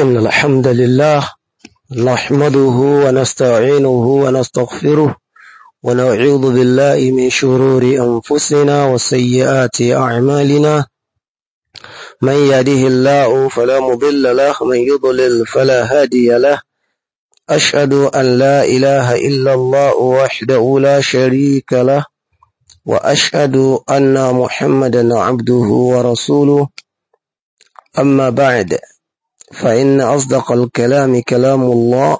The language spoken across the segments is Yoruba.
إن الحمد لله نحمده ونستعينه ونستغفره ونعوذ بالله من شرور أنفسنا وسيئات أعمالنا من يده الله فلا مضل له من يضلل فلا هادي له أشهد أن لا إله إلا الله وحده لا شريك له وأشهد أن محمدا عبده ورسوله أما بعد فإن أصدق الكلام كلام الله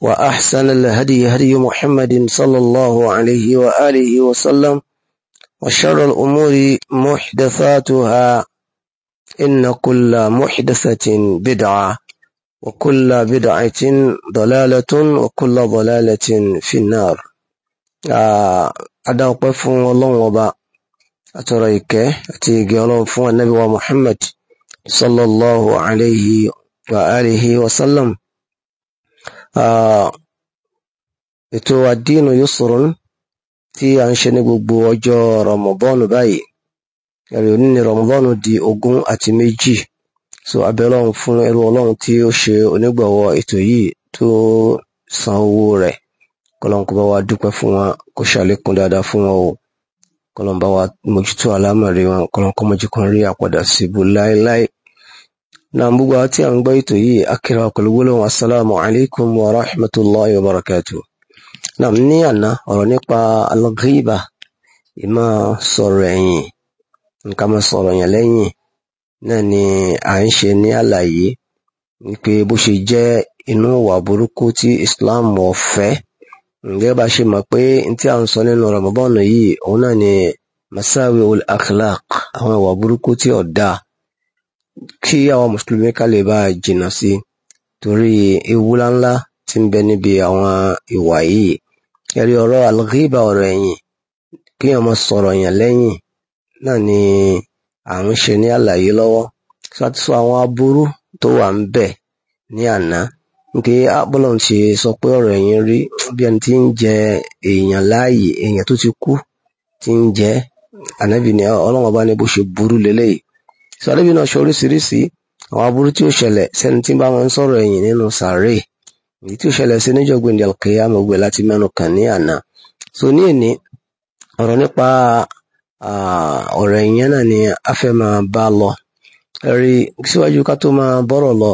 وأحسن الهدي هدي محمد صلى الله عليه وآله وسلم وشر الأمور محدثاتها إن كل محدثة بدعة وكل بدعة ضلالة وكل ضلالة في النار أدعوكم آه الله وبا أتريك أتيجي الله النبي ومحمد صلى الله عليه وآله وسلم ètò àdínú yusrun tí a ń ṣe ní gbogbo ọjọ́ rọmọbọ́ọ̀nù báyìí ẹ̀rì òní ni rọmọbọ́ọ̀nù di ogún àti méjì so abẹ́lọ́run fún ẹrú ọlọ́run tí ó ṣe onígbọ̀wọ́ ètò yìí tó san owó rẹ̀ kọlọ́n kó bá wa dúpẹ́ fún wọn kó ṣàlékún dáadáa fún wọn o kọlọ́n bá wa mójútó àlámọ̀rí wọn kọlọ́n kó mójúkan rí àpadà síbu láéláé na gbogbo àti à ń gbọ́ ètò yìí akẹ́rọ pẹ̀lú gbólóhùn asalaamu alaykum wa rahmatulahi wa barakatu. na ní àná ọ̀rọ̀ nípa al-ghiba ìmọ̀ sọ̀rọ̀ ẹ̀yìn nǹkan mọ̀ sọ̀rọ̀ yẹn lẹ́yìn náà ni à ń ṣe ní àlàyé wípé bó ṣe jẹ́ inú ìwà burúkú tí Islam ọ̀fẹ́ ǹgẹ́ bá ṣe mọ̀ pé tí à ń sọ nínú Ramadan yìí òun náà ni masawi ul akhlaq àwọn ìwà burúkú tí ó dáa kí àwọn mùsùlùmí ká lè bá jìnnà sí torí ewu ńláńlá tí ń bẹ níbi àwọn ìwà yìí ẹ̀rí ọ̀rọ̀ alghiba ọ̀rọ̀ ẹ̀yìn kí èèyàn máa yàn lẹ́yìn náà ni à ń ṣe ní àlàyé lọ́wọ́ láti sọ àwọn aburú tó wà ń bẹ ní àná nke abọ́lọ́n ṣe sọ pé ọ̀rọ̀ ẹ̀yìn rí bí ẹni tí ń jẹ èèyàn láàyè èèyàn tó ti kú tí ń jẹ ànábì ni ọlọ́wọ́n bá ní bó ṣe burú lélẹ́yìí sọ ànábì náà ṣe oríṣiríṣi àwọn aburú tí ó ṣẹlẹ̀ sẹ́ni tí bá wọn sọ̀rọ̀ ẹ̀yìn nínú sàárè èyí tí ó ṣẹlẹ̀ sí níjọ́ gbẹ̀ndẹ̀ alkeya mọ̀gbẹ̀ láti mẹ́nu kàn ní àná so ní èní ọ̀rọ̀ nípa ọ̀rọ̀ ẹ̀yìn náà ni a fẹ́ máa bá lọ rí síwájú ká tó máa bọ́rọ̀ lọ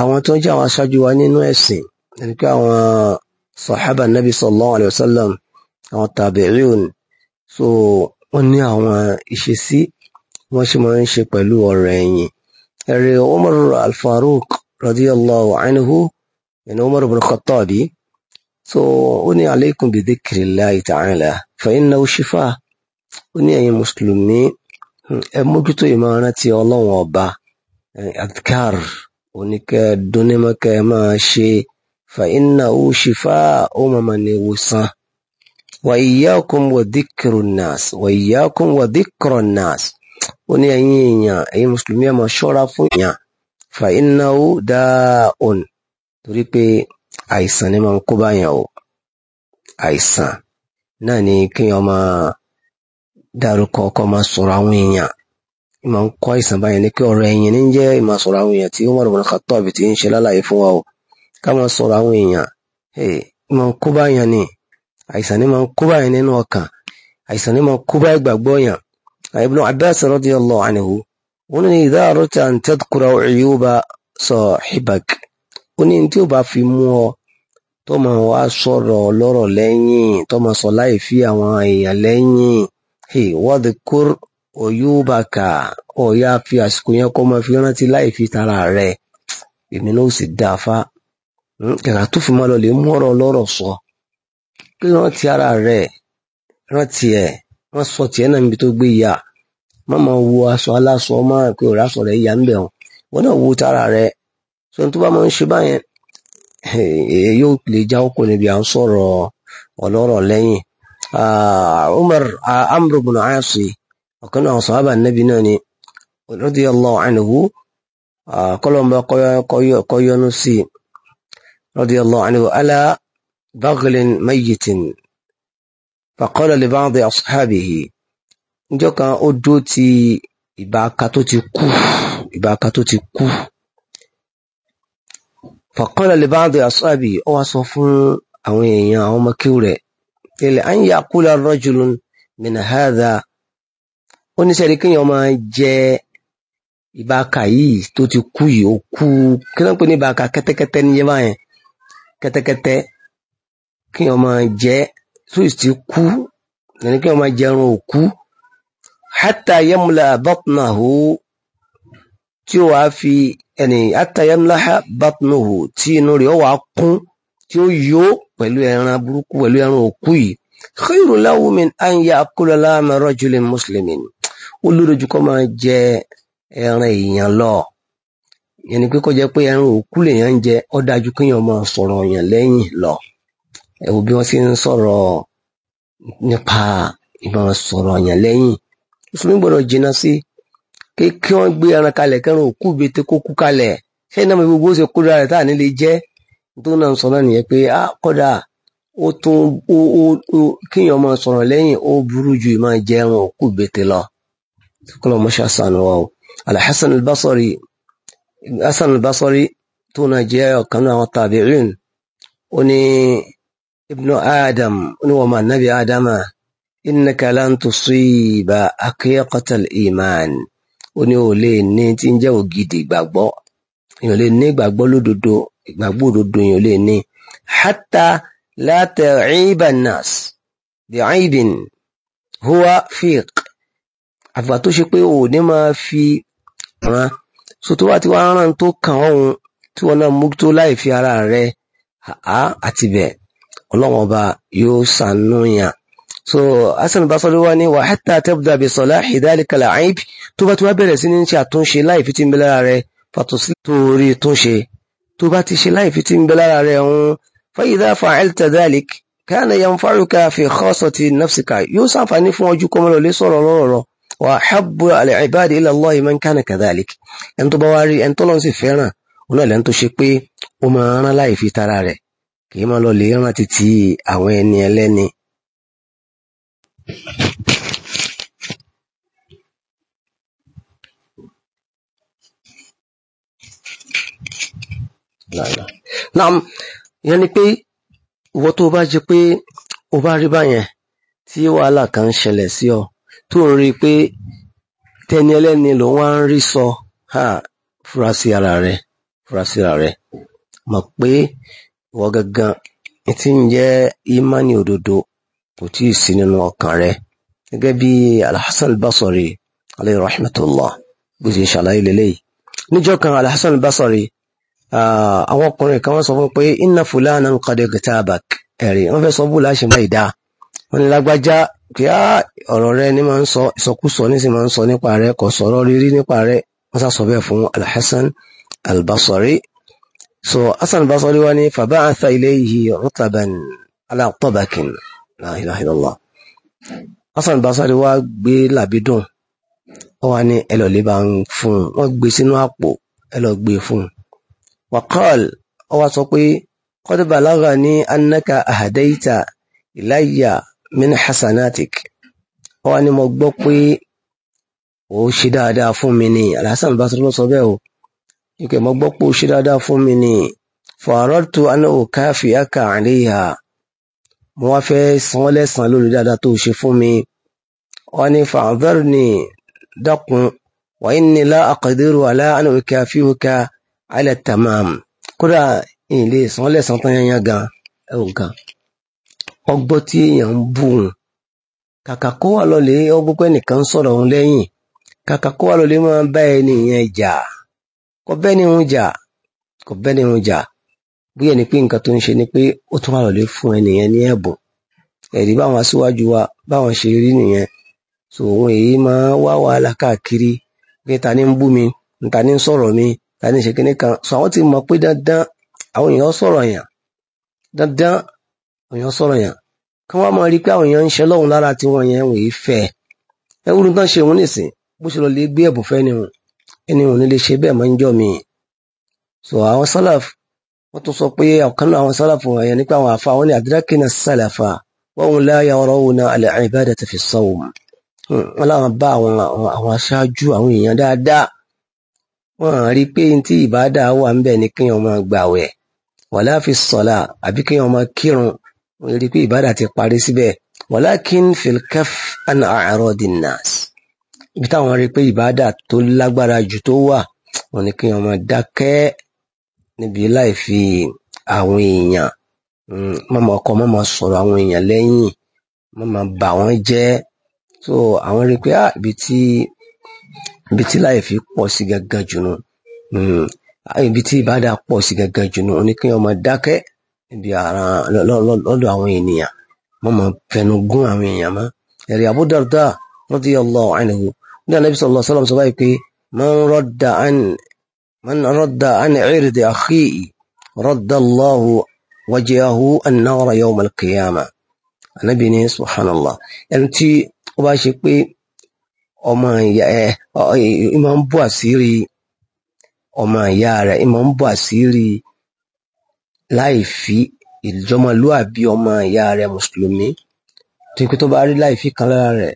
àwọn tó ń jẹ́ àwọn aṣáájú wa nínú ẹ̀sìn ẹni pé àwọn sọ̀hábà nàbí sallallahu alayhi wọ́n sì máa ń ṣe pẹ̀lú ọ̀rọ̀ ẹ̀yìn ẹ̀rẹ̀ Umar al-Faruq radiyallahu anhu ẹ̀nà Umar ibn Khattabi so ó ní aleikum bi dhikrillahi ta'ala fa innahu shifa ó ní ẹ̀yin mùsùlùmí ẹ mójútó ìmọ̀ràn ti ọlọ́run ọba adkar oníkẹ́ dúnímọ̀kẹ́ máa ṣe fa innahu shifa ó màmá ní ìwòsàn wa iyyakum wa dhikru nnas wa iyyakum wa dhikru nnas ó ní ẹ̀yin èèyàn ẹ̀yin mùsùlùmí ẹ máa ṣọ́ra fún èèyàn fa innahu da'un torí pé àìsàn ni máa ń kó báyàn o àìsàn náà ni kéèyàn máa dárúkọ ọkọ máa sọ̀rọ̀ àwọn èèyàn ìmọ̀ ń kọ́ àìsàn báyẹn ni pé ọ̀rọ̀ ẹ̀yìn ní jẹ́ ìmọ̀ sọ̀rọ̀ àwọn èèyàn tí Umar ibn Khattab ti ń ṣe lálàyé fún wa o ká máa sọ̀rọ̀ àwọn èèyàn ìmọ̀ ń kó báyẹn ni àìsàn ni máa ń kó báyẹn nínú ọkàn àìsàn ni máa ń kó bá ìgbàgbọ́ yàn ابن عباس رضي الله عنه قلنا إذا أردت أن تذكر عيوب صاحبك قلنا أنت في مو tó máa wá sọ̀rọ̀ lọ́rọ̀ lẹ́yìn tó máa sọ láì fi àwọn èèyàn lẹ́yìn wọ́ọ̀dì kúr oyúbàkà ọ̀yà fi àsìkò yẹn kọ́ máa fi rántí láì fi tara rẹ̀ èmi náà ó sì dá a fa kàkà tó fi máa lọ lè mú ọ̀rọ̀ lọ́rọ̀ sọ kí rántí ara rẹ̀ rántí ẹ̀ wọ́n sọ tiẹ̀ náà níbi tó gbé yà má máa wo aṣọ aláṣọ má rìn pé òrásọ rẹ̀ yà ń bẹ̀ wọn wọn náà wo tara rẹ̀ so tó bá máa ń ṣe báyẹn yóò lè já ọkọ níbi à ń sọ̀rọ̀ ọlọ́rọ̀ lẹ́yìn ah, Umar ah, Amru bin Asi ọ̀kan náà sàhábà Ànábì náà ni radiyallahu anhu kọlọmọ ah, kọyọnu sí radiyallahu anhu ala baghlin mayyitin faqala li ba'di ashabihi níjọ́ kan ó dúró ti ìbáka tó ti kú ìbáka tó ti kú faqala li ba'di ashabi ó wá sọ fún àwọn èèyàn àwọn ọmọ kí rẹ̀ ilẹ̀ an yaqula rajulun min hadha ó ní sẹ́ni kéèyàn máa jẹ ìbáka yìí tó ti kú yìí ó kú kí ló ń pè ní ìbáka kẹ́tẹ́kẹ́tẹ́ níyẹn báyẹn kẹ́tẹ́kẹ́tẹ́ kéèyàn máa jẹ tó ti kú ẹni kéèyàn máa jẹrun òkú hatta yamla batnahu tí ó wà fi ẹni hatta yamla batnahu tí inú rẹ̀ ó wà kún tí ó yó pẹ̀lú ẹran burúkú pẹ̀lú ẹran òkú yìí khairun lahu min an ya'kula lahma rajulin muslimin ó lórí ojú kọ́ máa jẹ ẹran èèyàn lọ yẹn pé kó jẹ́ pé ẹran òkú lèèyàn ń jẹ ó dájú kéèyàn máa sọ̀rọ̀ yàn lẹ́yìn lọ ẹ wo bí wọ́n ṣe ń sọ̀rọ̀ nípa ìmọ̀ sọ̀rọ̀ yàn lẹ́yìn mùsùlùmí gbọ́dọ̀ jìnnà sí kí wọ́n gbé ẹran kalẹ̀ kẹran òkú bete kó kú kalẹ̀ ṣé iná mi gbogbo ṣe kó dára táà nílé jẹ́ tó náà ń sọ náà nìyẹn pé á kọ́dà ó tún ó ó kíyàn máa sọ̀rọ̀ lẹ́yìn ó burú ju ìmọ̀ jẹ́ ẹran òkú bete lọ kọ́lọ̀ mọ́ṣá sànù wa o alhassan albasori hassan albasori tó náà jẹ́ ọ̀kan náà àwọn tabi'in ó ní ibnu adam ó ní wọ́n máa nábì adama. إنك لن تصيب حقيقة الإيمان ó ní ò lè ní tí ń jẹ́ ògidì ìgbàgbọ́ èèyàn lè ní ìgbàgbọ́ lódodo ìgbàgbọ́ òdodo èèyàn lè ní hatta la ta'iba an-nas bi'aibin huwa fiq àgbà tó ṣe pé ò ní máa fi ràn so tó wá ti wá ràn tó kàn ọ̀hún tí wọn náà mú tó láì fi ara rẹ àá àti bẹ́ẹ̀ ọlọ́wọ́n ọba yóò ṣàánú yàn so Hasan Basri wá ní wa hatta tabda bi salahi dhalika al-ayb tó bá ti wá bẹ̀rẹ̀ sí ní ṣe àtúnṣe láì fi ti ń bẹ lára rẹ fàtòsí torí túnṣe tó bá ti ṣe láì fi ti ń bẹ lára rẹ òun fa idha fa'alta dhalik kana yanfa'uka fi khassati nafsika yóò sàǹfààní fún ojú kọmọlọ lé sọ̀rọ̀ lọ́rọ̀ wa habbu al-ibadi ila Allahi man kana kadhalik ẹni tó bá wá rí ẹni tó lọ́n sì fẹ́ràn òun náà lẹ́nu tó ṣe pé ó máa rán láì tara rẹ̀ kì í máa lọ lè rán títí àwọn ẹni láìlá naam ìyẹn ni pé ìwọ tó bá jẹ o bá rí báyẹn tí wàhálà kan ń ṣẹlẹ̀ sí ọ tó ń rí i pé tẹni ẹlẹ́ni ló wá ń rí sọ fura sí ara kò tí ì sí nínú ọkàn rẹ gẹ́gẹ́ bí alhassan basori alayhi rahmatullah bó ṣe ṣàlàyé lélẹ́yìí níjọ́ kan alhassan basori àwọn ọkùnrin kan wọ́n sọ fún pé inna fulana qad kitabak ẹ̀rí wọ́n fẹ́ sọ bó láṣẹ máa ìdá wọ́n ní lágbájá kí á ọ̀rọ̀ rẹ ní máa ń sọ ìsọkúsọ ní sì máa ń sọ nípa rẹ kò sọ̀rọ̀ rírí nípa rẹ wọ́n sá sọ bẹ́ẹ̀ fún alhassan albasori so hassan albasori wá ní fàbá àtà ilayhi rutaban ala tabakin la ilaha illallah Hasan Basari wá gbé làbídùn wọ́n wá ní ẹlọ́lẹ́ bá ń fún un wọ́n gbé sínú àpò ẹlọ́ gbé e fún un wakọ́l wọ́n wá sọ pé kọ́dùbà lára ní annaka ahadaita ilayya min hasanatik wọ́n wá ní mo gbọ́ pé ó ṣe dáadáa fún mi ní alhassan Basri ló sọ bẹ́ẹ̀ o ìkẹ́ mo gbọ́ pé ó ṣe dáadáa fún mi ní fa'aradtu an ukafi'aka alayha mo wá fẹ́ san ọ́ lẹ́sàn-án lórí dáadáa tó ṣe fún mi wọ́n ní fàǹdọ́rù ní dákun wa inni la aqdiru ala an ukafiuka ala tamam kódà ìyìn lè san ọ́ lẹ́sàn-án tán yányá gan ẹ̀wọ̀n kan ọgbọ́n tí èèyàn ń bù wọn kàkà kó wà lọ́lẹ̀ ọgbọ́n pẹ́ sọ̀rọ̀ òun lẹ́yìn kàkà kó wà lọ́lẹ̀ máa bá ẹni jà kò bẹ́ni òun jà kò bẹ́ni òun jà bóyá ni pé nǹkan tó ń ṣe ni pé ó tún wà lọ́lẹ́ fún ẹnìyẹn ní ẹ̀bùn ẹ̀rí báwọn aṣíwájú wa báwọn ṣe rí nìyẹn so òun èyí máa wá wàhálà káàkiri pé ta ni ń bú mi ta ni ń sọ̀rọ̀ mi ta ni ń kan so àwọn ti mọ̀ pé dandan àwọn èèyàn sọ̀rọ̀ yàn dandan èèyàn sọ̀rọ̀ yàn kí wọ́n máa rí pé àwọn èèyàn ń ṣe lọ́hùn lára yẹn fẹ́ ẹ wúru tán ṣe òun nìsín bó ṣe lọ lè gbé ni ẹni ní lè so àwọn wọ́n tún sọ pé ọ̀kan náà àwọn sálàfù ẹ̀yàn nípa àwọn àfa wọn ni àdírákìnà sálàfà wọ́n la yarawna al-ibadata fi as-sawm hmm, wọ́n láwọn bá àwọn aṣáájú àwọn èèyàn dáadáa wọ́n rí pé tí ìbádà wà ń bẹ̀ ni kí wọ́n máa gbàwẹ̀ wala fi as-salat àbí kí wọ́n máa kírun wọ́n rí pé ìbádà ti parí síbẹ̀ walakin fil kaff an a'radin nas ibi táwọn níbi láì fi àwọn èèyàn mọ̀mọ́ ọkọ mọ̀mọ́ sọ̀rọ̀ àwọn èèyàn lẹ́yìn mọ̀mọ́ bà wọ́n jẹ́ so àwọn rí i pé ah, ibi tí ibi tí láì fi pọ̀ sí gangan jù nù mm, ah, ibi tí ìbádà pọ̀ sí gangan jù nù ó ní kí wọ́n máa dákẹ́ níbi lọ́dọ̀ àwọn ènìyàn mọ̀mọ́ fẹnu gún àwọn èèyàn mọ́ ẹ̀rí Abu Darda radiyallahu anhu ní Ànábì sallallahu alaihi wasallam sọ báyìí pé man radda an من رد عن عرض أخيه رد الله وجهه النار يوم القيامة Ànábì ní subhanallah ẹni tí ó bá ṣe pé ọmọ ìyá ẹ ìmọ̀ ń bọ̀ àṣírí ọmọ ìyá rẹ̀ ìmọ̀ ń bọ̀ àṣírí láì fi ìjọmọlúàbí ọmọ ìyá rẹ̀ mùsùlùmí tó ikú tó bá rí láì fi kan lára rẹ̀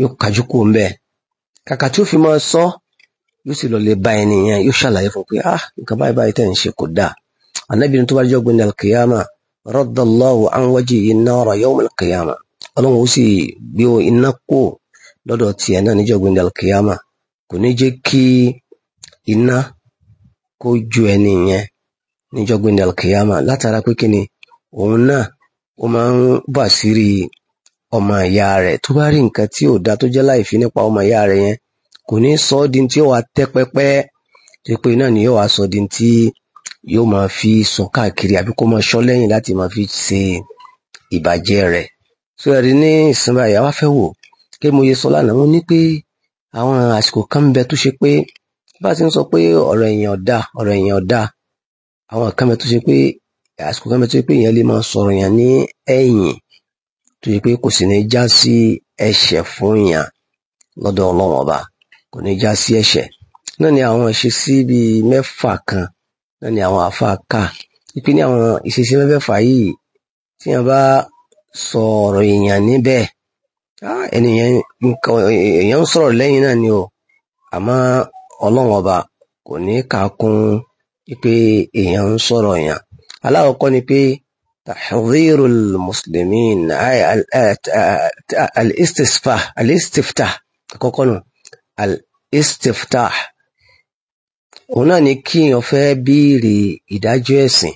yóò kájú kò ń bẹ̀ kàkà tí ó fi máa sọ ọ́ yóò sì lọlé bá ẹni yẹn yóò ṣàlàyé fún pé ah nǹkan báyìí báyìí tẹ̀ ń ṣe kò dáa anabi ní tó bá jẹ́ ọgbìn ní alkiyama radallahu an wajhihi an-nara yawm alkiyama ọlọ́run ó sì gbé iná kó lọ́dọ̀ tiẹ̀ náà níjọ́ ọgbìn ní alkiyama kò ní jẹ́ kí iná kó ju ẹni yẹn níjọ́ ọgbìn ní alkiyama látara pé kí ni òun náà ó máa ń bà sírí ọmọ ìyá rẹ̀ tó bá rí nǹkan tí ò dáa tó jẹ́ láìfi nípa ọmọ ìyá rẹ̀ yẹn kò ní sọ ọ́ di tí yóò wá tẹ́ pẹ́pẹ́ tó pé náà ni yóò wá sọ di tí yóò máa fi sọ káàkiri àbí kó máa ṣọ́ lẹ́yìn láti máa fi ṣe ìbàjẹ́ rẹ̀ tó ẹ̀rí ní ìsinmi àyà wá fẹ́ wò kí mo yẹ sọ lánàá mo ní pé àwọn àsìkò kan bẹ tó ṣe pé bá a ti ń sọ pé ọ̀rọ̀ èèyàn ọ̀dà ọ̀rọ̀ èèyàn ọ̀dà àwọn kan bẹ tó ṣe pé àsìkò kan bẹ tó ṣe pé èèyàn lè máa sọ̀rọ̀ èèyàn ní ẹ̀yìn tó ṣe pé kò sì ní já sí ẹ̀ṣẹ̀ fún èèyàn lọ́dọ̀ ọlọ́wọ́n ọba kò ní já sí ẹ̀ṣẹ̀ náà ni àwọn ìṣesí bíi mẹ́fà kan náà ni àwọn àfa kà ipe ní àwọn ìṣesí mẹ́fẹ̀ẹ̀fà yìí tí wọ́n bá sọ ọ̀rọ̀ èèyàn níbẹ̀ ènìyàn ń sọ̀rọ̀ lẹ́yìn náà ni o àmọ́ ọlọ́run ọba kò ní kà kún pé èèyàn ń sọ̀rọ̀ yàn aláwọ̀kọ́ ni pé tahdhirul muslimin al-istifta àkọ́kọ́ náà al-istiftah òun náà ni kí èèyàn fẹ́ béèrè ìdájọ́ ẹ̀sìn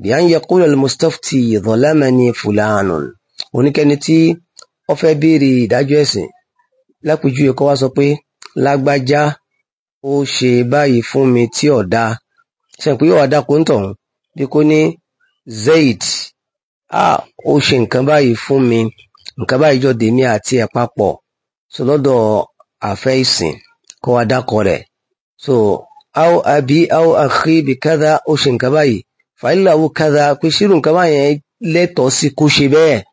bí à ń yẹ kúrò al-mustafti zalamani fulanun oníkẹ́ni tí wọ́n fẹ́ béèrè ìdájọ́ ẹ̀sìn lápèjú ẹ̀kọ́ wá sọ pé lágbájá ó ṣe báyìí fún mi tí ọ̀dà ṣe pé ọ̀dà kò ń tọ̀hún bí kò ní zaid ah ó ṣe nǹkan báyìí fún mi nǹkan báyìí jọ dèmi àti ẹ̀ papọ̀ sọlọ́dọ̀ àfẹ́ ìsìn kó wa dákọ̀ rẹ̀ so aw àbí aw akhi bi kadha ó ṣe nǹkan báyìí fàílàwò kadha pé ṣírù nǹkan báyẹn lẹ́tọ̀ọ́ sí kó ṣe bẹ́ẹ̀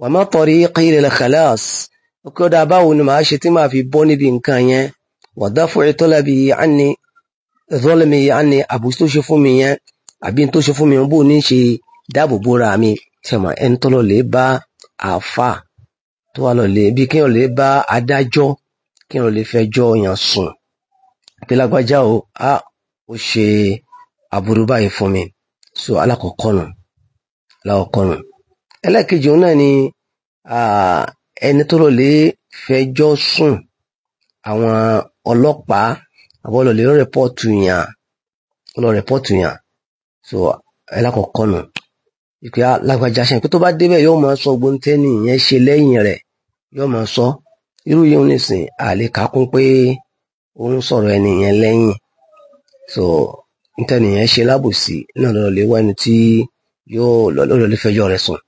wa ma tariqi lil khalas ó kí ó dáa báwo ni màá ṣe tí màá fi bọ́ níbi nǹkan yẹn wa dafu talabi anni zolmi anni àbùsí tó ṣe fún mi yẹn àbí tó ṣe fún mi bó ní ṣe dáàbò bóra mi ṣe mọ ẹni tọ́lọ̀ lè bá tó wà lọ́lẹ̀ bí kéèyàn lè bá adájọ́ kéèyàn lè fẹjọ́ yàn sùn pé lágbájá o a ó ṣe aburú báyìí fún mi so alákọ̀ọ́kọ́ nù alákọ̀ọ́kọ́ nù ẹlẹ́ẹ̀kejì òun náà ni ẹni tó lọ́lẹ̀ fẹjọ́ sùn àwọn ọlọ́pàá àwọn lọ́lẹ̀ lọ́ rẹpọ́ọ̀tù yàn lọ́ yàn so alákọ̀ọ́kọ́ nù ìpè alágbájá ṣe pé tó bá débẹ̀ yóò máa sọ gbóńtẹ́nì yẹn ṣe lẹ́yìn rẹ̀ yóò máa sọ irú yìí nìsín àlékákún pé ó ń sọ̀rọ̀ ẹni yẹn lẹ́yìn so ntẹ́ni yẹn ṣe lábòsí náà lọ́dọ̀ lè wá ẹni tí yóò lọ́dọ̀ lè fẹjọ́ rẹ̀ sùn.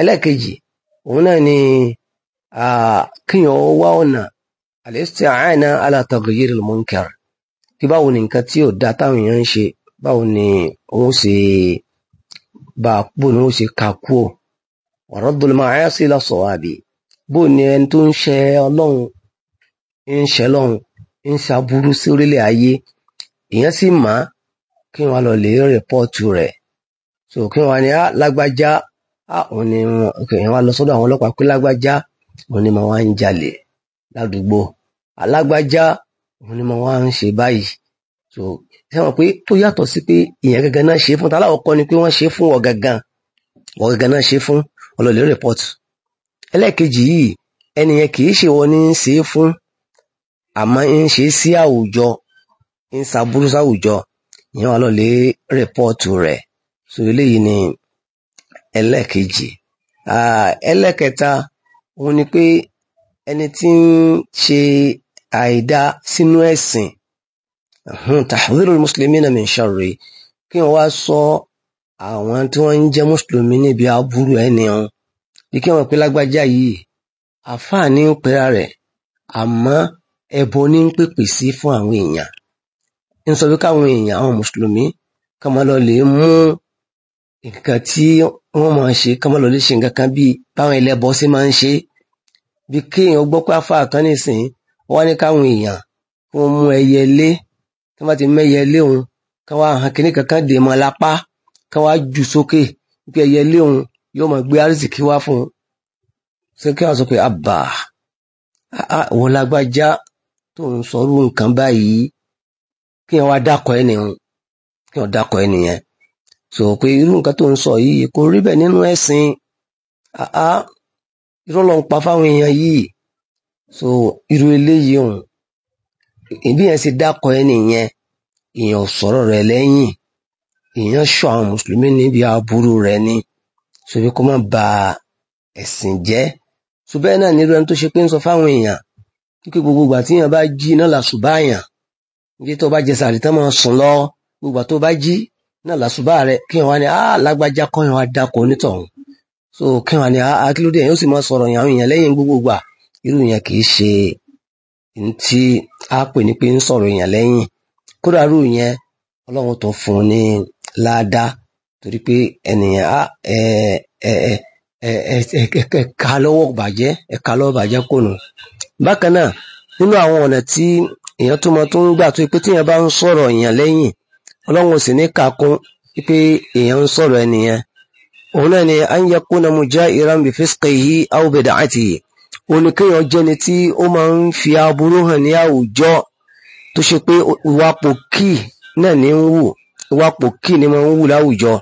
ẹlẹ́ẹ̀kejì òun náà ni kíyàn wá ọ̀nà al-isti'ana ala taghyir al-munkar kí báwo ni nǹkan tí ò da táwọn èèyàn ń ṣe báwo ni òun ṣe bá a bó ni wọ́n ṣe ka kú ò wa raddul ma'asi ila sawabi bó ni ẹni tó ń ṣe ọlọ́run ń ṣe ọlọ́run ń ṣaburú sí orílẹ̀ ayé ìyẹn sì má kí wọn lọ lè rìpọ́ọ̀tù rẹ̀ so kí wọn ní á ah, lágbájá á ah, òun ni wọn lọ sọ́dọ̀ àwọn ọlọ́pàá pé lágbájá òun ni mo wá ń jalè ládùúgbò alágbájá òun ni mo wá ń ṣe báyìí so sẹ́wọ̀n pé tó yàtọ̀ sí pé ìyẹn gangan náà ṣe fún ta láwọn kọ́ ni pé wọ́n ṣe fún ọ gangan ọ gangan náà ṣe fún ọlọ́lẹ̀ rìpọ́tù ẹlẹ́ẹ̀kejì yìí ẹnìyẹn kì í ṣe wọ́n ní í ṣe fún àmọ́ ń ṣe sí àwùjọ ń ṣàbúrú sáwùjọ ìyẹn ọlọ́lẹ̀ rìpọ́tù rẹ̀ so eléyìí ni ẹlẹ́ẹ̀kejì ẹlẹ́ẹ̀kẹta òun ni pé ẹni tí ń ṣe àìdá sínú ẹ̀sìn tahdhirul muslimina min sharri kí wọ́n wá sọ àwọn tí wọ́n ń jẹ́ mùsùlùmí níbi aburú ẹni ọ̀hún bí kí wọ́n pe lágbájá yìí àfáà ní ń pera rẹ̀ àmọ́ ẹbọ ní ń pèpè sí fún àwọn èèyàn ń sọ pé káwọn èèyàn àwọn mùsùlùmí kàn máa lọ lè mú nǹkan tí wọ́n máa ṣe kàn ṣe nǹkan kan bíi báwọn ẹlẹ́bọ sí máa ń ṣe bí kéèyàn gbọ́ pé àfáà nìsín wọ́n ní káwọn èèyàn kó mú ẹyẹlé tí wọ́n ti mẹ́yẹ léhun kí wọ́n hàn kíní kankan dè mọ́ lápá kí wọ́n jù sókè pé ẹyẹ léhun yóò mọ̀ gbé àrísìkí wá fún un. ṣé kí wọ́n sọ pé àbà wọ́n lágbájá tó ń sọrú nǹkan báyìí kí wọ́n wá dákọ̀ ẹ̀ nìyẹn kí wọ́n dákọ̀ ẹ̀ nìyẹn. sọ pé irú nǹkan tó ń sọ yìí kò rí bẹ́ẹ̀ nínú ẹ̀sìn irọ́ ló pa fáwọn èèyàn yìí so irú eléyìí ọ̀hún ìbí yẹn ṣe dákọ ẹni yẹn èèyàn sọ̀rọ̀ rẹ̀ lẹ́yìn èèyàn ṣọ́ àwọn mùsùlùmí níbi aburú rẹ̀ ni ṣòbí kó má ba ẹ̀sìn jẹ́ ṣùgbọ́n náà nílùú ẹni tó ṣe pé ń sọ fáwọn èèyàn kíkẹ́ gbogbo ìgbà tí èèyàn bá jí náà làṣùbà yàn níbi tó bá jẹ sàrí tán máa sùn lọ gbogbo ìgbà tó bá jí náà làṣùbà rẹ kí wọn wá ní ah lágbájá kọ́ yẹn wá dákọ onítọ̀hún so kí wọn wá ní ah kí ló dé yẹn ó sì máa sọ̀rọ̀ yàn àwọn èèyàn lẹ́yìn gbogbo ìgbà irú yẹn kì í ṣe tí a pè ní pé ń sọ̀rọ̀ èèyàn lẹ́yìn kódà rú yẹn ọlọ́run tó fún un ní láàdá torí pé ènìyàn á ah, ẹ ẹ ẹ ẹ ká lọ́wọ́ bàjẹ́ ẹ ká lọ́wọ́ bàjẹ́ kò nù. bákan náà nínú àwọn ọ̀nà tí èèyàn tó mọ tó ń gbà tó pé téèyàn bá ń sọ̀rọ̀ èèyàn lẹ́yìn ọlọ́run sì ní pé èèyàn ń sọ̀rọ̀ òun náà ni òun ni kéèyàn jẹ́ni tí ó máa ń fi aburú hàn ní àwùjọ tó ṣe pé ìwà pòkì náà ní ń wù ìwà pòkì ní máa ń wù láwùjọ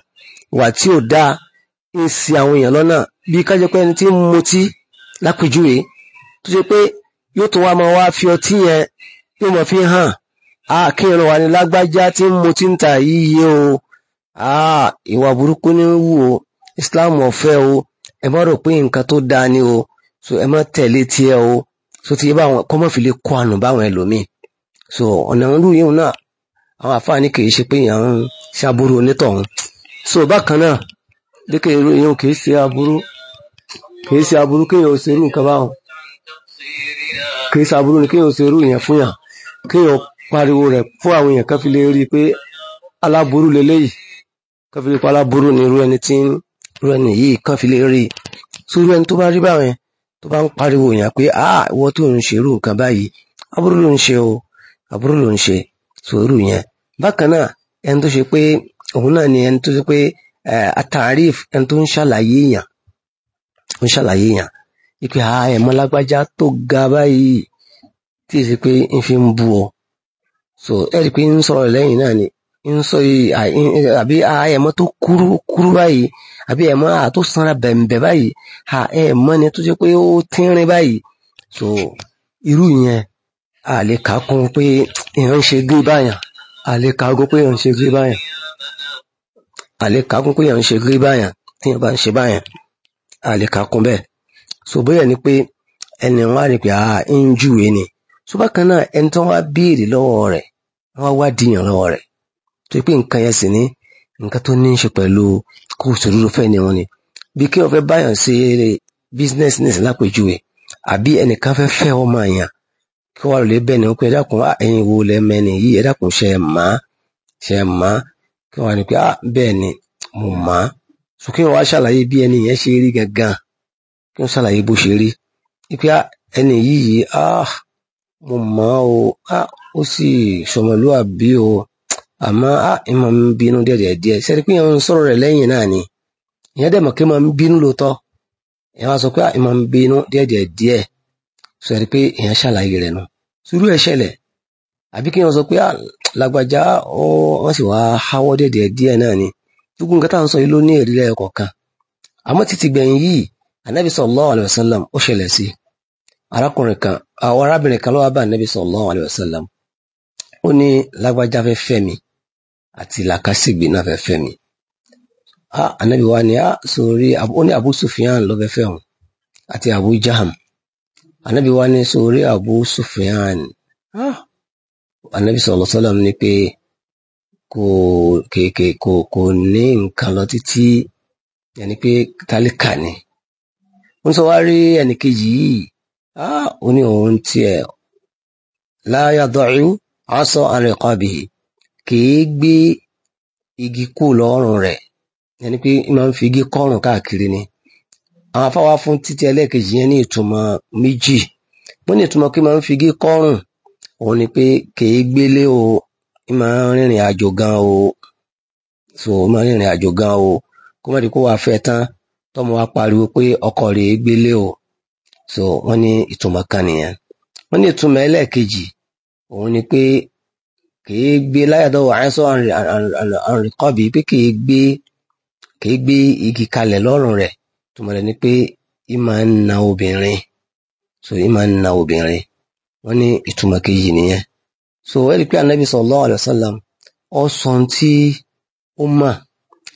ìwà tí ò dáa ń ṣì àwọn èèyàn lọ́nà bí ká jẹ́ pé ẹni tí ń mutí lápèjúwe tó ṣe pé yóò tó wá máa wá fi ọtí yẹn yóò máa fi hàn á kéèyàn wà ní lágbájá tí ń mutí ń ta yíyé o ìwà burúkú ní ń wù o Islam ọ̀fẹ́ o ẹ má rò pé nǹkan tó dáa ni o so ẹ má tẹ̀lé tiẹ̀ o so ti bá wọn kọ́mọ́ fi lè kọ́ àánú báwọn ẹlòmíì so ọ̀nà irú yìí náà àwọn àfáàní kì í ṣe pé èèyàn ṣe aburú onítọ̀hún so bákan náà dékè irú yìí kì í ṣe aburú kì í ṣe aburú kéèyàn ò ṣe irú nǹkan báwọn kì í ṣe aburú ni kéèyàn ò ṣe irú yẹn fún yàn kéèyàn pariwo rẹ̀ fún àwọn èèyàn kan fi lè rí i pé aláburú leléyìí kan fi lè pa aláburú ni irú ẹni tí irú ẹni yìí kan fi lè rí i so irú ẹni tó bá rí báwọn yẹn tó bá ń pariwo yàn pé ah ìwọ tó ń ṣe irú nǹkan báyìí aburú ló ń ṣe o aburú ló ń ṣe sòrú yẹn bákan náà ẹni tó ṣe pé òun náà ni ẹni tó ṣe pé àtàríf ẹni tó ń ṣàlàyé yàn ń ṣàlàyé yàn ipe ha ah, ẹ̀mọ́ lágbájá tó ga báyìí tí ì ṣe pé ń fi ń bu ọ so ẹ̀rí pé ń sọ̀rọ̀ lẹ́yìn náà ni ń sọ àbí ẹ̀mọ́ tó kúrú kúrú báyìí àbí ẹ̀mọ́ àtó sanra bẹ̀m̀bẹ̀ báyìí ẹ̀mọ́ ni tó jẹ́ pé ó tínrín báyìí so irú yẹn a lè kà kún pé èèyàn ń ṣe gé báyàn a lè kà kún pé èèyàn ń ṣe gé báyàn a lè kà kún pé èèyàn ń ṣe gé báyàn tí èèyàn bá ń ṣe báyàn a kún bẹ́ẹ̀ so bóyá ni pé ẹni wọn á pé ń júwe ni so bákan náà ẹni tó wá béèrè lọ́wọ́ rẹ̀ wọ́n wá dìyàn lọ́wọ́ rẹ̀ tó pé nǹkan yẹn sì ní nǹkan tó ní í ṣe pẹ̀lú kó sòrúrúfẹ́ ni wọn ni bí kí wọn fẹ́ báyàn ṣe business ní ìsìn lápèjúwe àbí ẹnìkan fẹ́ fẹ́ ọmọ àyàn kí wọn lè bẹ́ẹ̀ ni wọn pé ẹ dákun ah, ẹ̀yin wo lẹ mẹ́ni yìí ẹ dákun ṣe ẹ mà á ṣe ẹ mà á kí wọn pé ah bẹ́ẹ̀ ni mo mà á so kí wọn wá ṣàlàyé bí ẹni yẹn ṣe rí gangan kí wọn ṣàlàyé bó ṣe rí pé ah, ẹni yìí ah mo mà o ah ó sì ṣọmọlúwàbí o àmọ́ a ìmọ̀ ń bínú díẹ̀ díẹ̀ sẹ́ni pé ìyẹn ń sọ̀rọ̀ rẹ̀ lẹ́yìn náà ni ìyẹn dẹ̀ mọ̀ pé ìmọ̀ ń bínú lóòótọ́ ìyẹn wá sọ pé ìmọ̀ ń bínú díẹ̀ díẹ̀ díẹ̀ sẹ́ni pé ìyẹn ṣàlàyé rẹ̀ nù sùúrù ẹ̀ ṣẹlẹ̀ àbí kí wọ́n sọ pé lágbàjá wọ́n sì wáá háwọ́ díẹ̀ díẹ̀ díẹ̀ náà ni gbogbo nǹkan táwọn sọ yìí ló ní èrí lẹ́ẹ̀kọ̀ kan àmọ́ àti làkàṣègbè náà fẹ́ fẹ́ mi. anabi wa ni sori ó ní abu sufiyan ló fẹ́ fẹ́ òun àti abu jaham anabi wa ni sori abu sufiyan anabi sallallahu alaihi wasallam ní pé kò kèké kò kò ní nǹkan lọ títí yẹni pé tálíkà ni wọ́n sọ wá rí ẹnìkejì yìí ó ní òun tiẹ̀ láyà dọ̀ọ́yú aṣọ àrẹ̀kọ́ bìí kìí gbé igi kúrò lọ́rùn rẹ̀ ẹni pé máa ń fi igi kọ́rùn káàkiri ni àwọn afáwa fún títí ẹlẹ́ẹ̀kejì yẹn ní ìtumọ̀ méjì wọ́n ní ìtumọ̀ pé máa ń fi igi kọ́rùn òun ni pé kìí gbélé o máa ń rìnrìn àjò gan o so máa ń rìnrìn àjò gan o kó má di kó wà fẹ́ tán tọ́mọ wa pariwo pé ọkọ rẹ̀ gbélé o so wọ́n ní ìtumọ̀ kan nìyẹn wọ́n ní ìtumọ̀ ẹlẹ́ẹ̀kejì òun ni pé kìí gbé láyàdọ́wọ̀ àyẹ́sọ́ àrùnkọ́bì pé kìí gbé kìí gbé igi kalẹ̀ lọ́rùn rẹ̀ tó mọ̀ ní pé í máa ń na obìnrin so í máa ń na obìnrin wọ́n ní ìtumọ̀ kejì nìyẹn so ẹ̀rí pé anabi sallallahu alaihi ọ sọ tí ó mà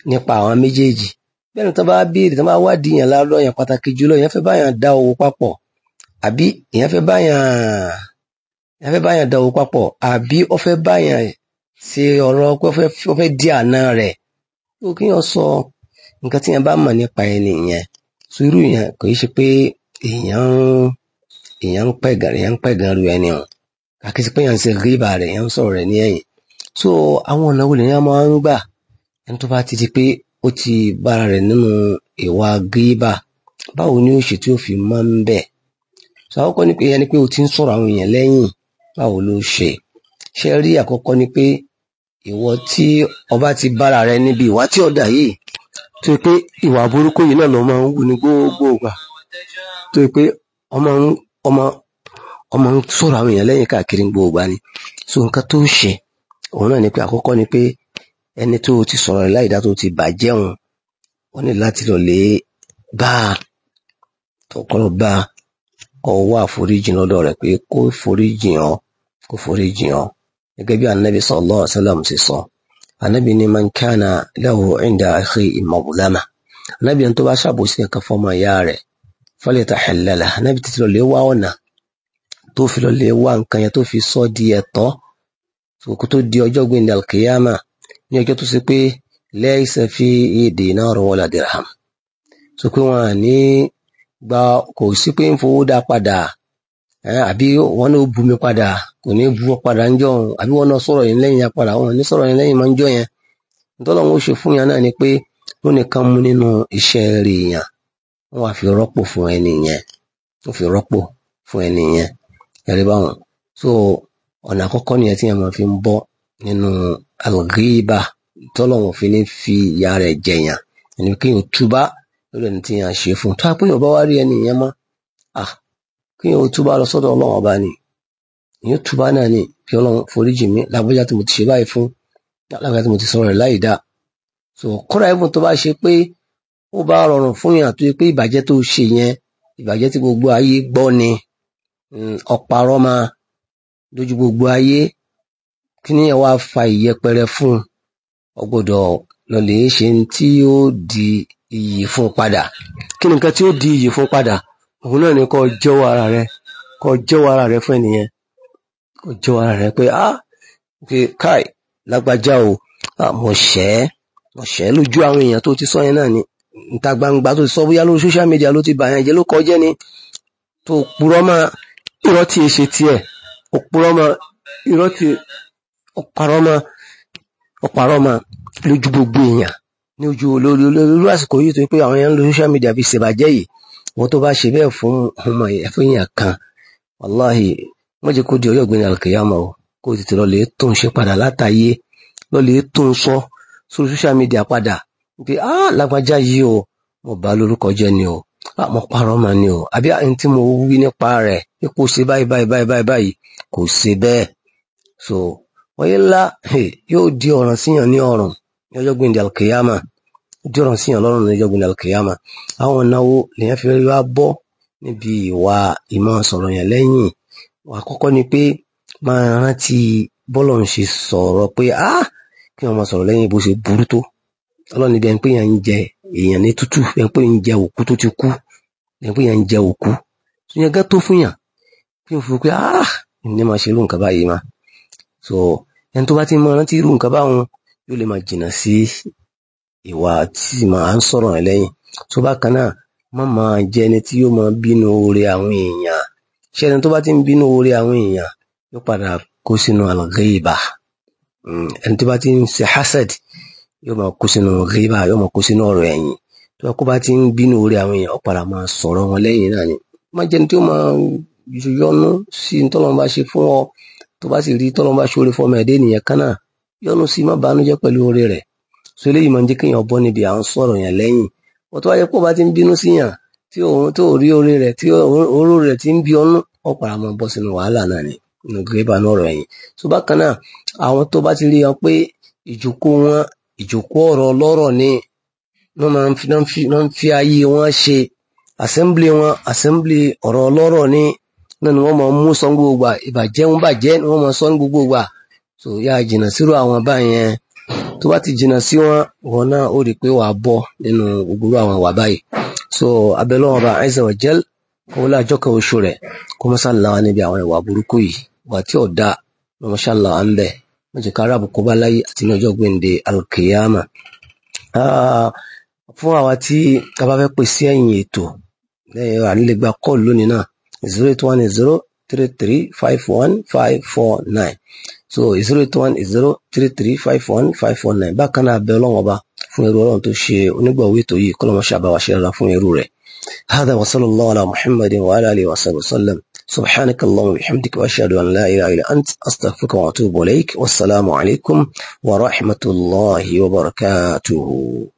nípa àwọn méjèèjì bẹ́ẹ̀ ni tó bá béèrè tó bá wádìí yẹn lálọ́ yẹn pàtàkì jùlọ yẹn fẹ́ báyàn dá owó ẹfẹ́ báyàn dánwò papọ̀ àbí ọfẹ́ báyàn ṣe ọ̀rọ̀ pé ọfẹ́ di àná rẹ̀ o kí yàn sọ nǹkan tí yàn bá mọ̀ nípa ẹni yẹn sùúrù yẹn kò í ṣe pé èèyàn èèyàn ń pẹ̀ gan ru ẹni hàn àkíyèsí pé yàn ń ṣe rẹ̀ ń sọ̀rọ̀ rẹ̀ so àwọn ọ̀nà wo lèèyàn máa ń gbà ẹni tó bá ti di pé ó ti bára rẹ̀ nínú ìwà báwo ni ó ṣe tí ó fi máa ni pé pé o ti ń báwo ló ṣe ṣe rí àkọ́kọ́ ni pé ìwọ tí ọba ti bára rẹ níbi ìwà tí ọ̀dà yìí tó yẹ pé ìwà burúkú yìí náà ló máa ń wù ní gbogbo ìgbà tó yẹ pé ọmọ ọmọ ọmọ ń sọ̀rọ̀ àwọn èèyàn lẹ́yìn káàkiri gbogbo ìgbà ni so nǹkan tó ṣe òun náà ni pé àkọ́kọ́ ni pé ẹni tó ti sọ̀rọ̀ rẹ̀ láìdá tó ti bàjẹ́ òun wọ́n ní láti lọ lè bá a tọkọ̀rọ̀ bá a ọwọ́ àforíjì lọ́dọ̀ rẹ̀ pé kó foríjì hàn kó foríjì hàn gẹ́gẹ́ bí anabi sallallahu alaihi wasallam ṣe sọ anabi ni man kana lahu inda akhi ìmọ̀bùlámà anabi ẹni tó bá ṣàbòsí nǹkan fọmọ ìyá rẹ̀ falyatahallala anabi títí lọ lè wá ọ̀nà tó fi lọ lè wá nǹkan yẹn tó fi sọ di ẹ̀tọ́ kó tó di ọjọ́ gbìn al-qiyama ní ọjọ́ tó ṣe pé laysa fi dinar wala dirham so gba kò sí pé ń padà àbí wọn náà bu mi padà kò ní bu padà ń jọ àbí wọn náà sọ̀rọ̀ yẹn padà wọn ní yẹn lẹ́yìn máa ń jọ yẹn ntọ́lọ́ wọn ṣe fún yẹn náà ni pé ó nìkan mú nínú iṣẹ́ rè yàn wọn fi rọ́pò fún ẹni yẹn wọn fi rọ́pò fún ẹni yẹn báwọn so ọ̀nà àkọ́kọ́ nìyẹn tí yẹn máa fi ń bọ́ nínú alghiba wọn fi ní fi ìyá ẹni kí n lórí ẹni tí yàn ṣe fún tó àpéyàn bá wá rí ẹni yẹn mọ́ à kí yàn ó túbà lọ sọ́dọ̀ ọlọ́run ọba ni ìyẹn túbà náà ni kí ọlọ́run foríjì mi lágbájá tí mo ti ṣe báyìí fún lágbájá tí mo ti sọ̀rọ̀ rẹ̀ láì dáa so kóra ẹ̀fọn tó bá ṣe pé ó bá rọrùn fún yàn tó yẹ pé ìbàjẹ́ tó ṣe yẹn ìbàjẹ́ tí gbogbo ayé gbọ́ ni hmm, ọ̀parọ́ máa lójú gbogbo ayé kí ni ẹ wá iyì fún padà kí ni nǹkan tí ó di iyì fún padà òun náà ni kó jẹ́wọ́ ara rẹ kó jẹ́wọ́ ara rẹ fún ẹnìyẹn kó jẹ́wọ́ ara rẹ pé ah pé káì lágbájá o ah, mo ṣẹ́ mo ṣẹ́ lójú àwọn èèyàn tó ti sọ yẹn náà ni níta gbangba tó ti sọ bóyá lórí social media ló ti bà yẹn jẹ́ ló kọjẹ́ ni tó purọ́ mọ́ irọ́ tí e ṣe tiẹ̀ ó purọ́ mọ́ irọ́ tí ó mọ́ ó mọ́ lójú gbogbo èèyàn ní ojú olórí olórí àsìkò yìí tó pé àwọn èèyàn ń lo social media fi ṣèbàjẹ́ yìí wọ́n tó bá ṣe bẹ́ẹ̀ fún ọmọ ẹ̀fẹ́yìn kan wàláhì wọ́n jẹ́ kó di ọjọ́ ìgbìyànjú àlùkìyàmọ̀ o kó o tètè lọ lè tún ṣe padà látàyé lọ lè tún sọ sórí social media padà pé á lágbájá yìí o mo bá lórúkọ jẹ́ ni o mo parọ́ mà ni o àbí ẹni tí mo wí nípa rẹ̀ pé kò ṣe báyìí báyìí báyìí báyìí kò ṣe bẹ́ẹ̀ so wọ́n yé ńlá yóò di ọ̀ràn síyàn ní ọ̀rùn ní ọjọ́ gbìndì alkiyama jọ̀rọ̀ sí yàn lọ́rùn ní ọjọ́ alkiyama àwọn ìnáwó lèyàn fi rí wá bọ́ níbi ìwà ìmọ̀ sọ̀rọ̀ yàn lẹ́yìn àkọ́kọ́ ni pé máa rántí bọ́lọ̀ ń ṣe sọ̀rọ̀ pé á kí wọ́n máa sọ̀rọ̀ lẹ́yìn bó ṣe burú tó ọlọ́run níbi ẹni pé yàn ń jẹ èèyàn ní tútù ẹni pé yàn ń jẹ òkú tó ti kú ẹni pé yàn ń jẹ òkú tó yẹn tó fún yàn kí wọ́n fi pé á ní máa ṣe irú nǹkan báyìí ma so ẹni tó bá ti máa rántí irú nǹkan báwọn yóò lè máa jìnnà sí ìwà tí màá ń sọ̀rọ̀ rẹ̀ lẹ́yìn tó bá kan náà má máa jẹ́ ẹni tí yóò máa bínú oore àwọn èèyàn ṣé ẹni tó bá ti ń bínú oore àwọn èèyàn yóò padà kó sínú àlọ́gẹ́yìnbá hmm, ẹni tó bá ti ń ṣe hasad yóò máa kó sínú àlọ́gẹ́yìnbá yóò máa kó sínú ọ̀rọ̀ ẹ̀yìn tó bá kó bá ti ń bínú oore àwọn èèyàn ó padà máa sọ̀rọ̀ wọn lẹ́yìn náà ni má jẹ́ ẹni tí ó máa yọnu sí tọ́lọ́mọba ṣe fún ọ tó bá sì rí tọ́lọ́mọba ṣe oore fún ọmọ ẹ̀dẹ́ ènìyàn kan náà yọ́nú sí má bànújẹ́ pẹ̀lú oore rẹ̀ so eléyìí máa ń jẹ́ kéèyàn bọ́ níbi à ń sọ̀rọ̀ yẹn lẹ́yìn wọ́n tó wáyé pé ó bá ti ń bínú síyàn tí òun tó rí oore rẹ̀ tí oró rẹ̀ ti ń bí ọnú wọ́n padà máa bọ́ sínú wàhálà náà ni gẹ́gẹ́ bá ọ̀rọ̀ ẹ̀yìn so bákan náà àwọn tó bá ti rí wọn pé ìjókòó wọn ìjókòó ọ̀rọ̀ ọlọ́rọ̀ ni wọ́n máa ń fi ayé wọn ṣe assembly wọn assembly ọ̀rọ̀ ọlọ́rọ̀ ni náà ni wọ́n máa ń mú sọ́n gbogbo ìbàjẹ́ ń bàjẹ́ ni wọ́n máa sọ́n gbogbo ìgbà so yá jìnnà sírò àwọn báyẹn tó bá ti jìnnà sí wọn wọn náà ó rí i pé wà á bọ́ nínú ògbúrú àwọn wà báyìí so abẹ́lọ́wọ́n bá Azza wa Jal owó láàjọ kan oṣù rẹ̀ kó mọ́ṣá là wá níbi àwọn ìwà burúkú yìí wà tí ò dáa mọ́ṣá là wá ń bẹ̀ wọ́n ti ká aráàbù kó láyé àti ní ọjọ́ gbẹ̀ǹde alkiyama fún àwa tí a bá fẹ́ pè sí ẹ̀yìn ètò lẹ́yìn àlélégbà kọ́ọ̀lù lónìí náà zero eight one zero three three five one five four nine so zero eight one zero three three five one five one nine bákan náà abẹ́ ọlọ́run ọba fún irú ọlọ́run tó ṣe onígbọ̀wé ètò yìí kọ́lọ́mọ ṣàbáwá ṣe rárá fún irú rẹ̀ hada wa sallallahu ala muhammadin wa ala alihi wa sallam subhanaka allahumma wa bihamdika wa ashhadu an la ilaha illa ant astaghfiruka wa atubu ilaik wassalamu alaikum wa rahmatullahi wa barakatuhu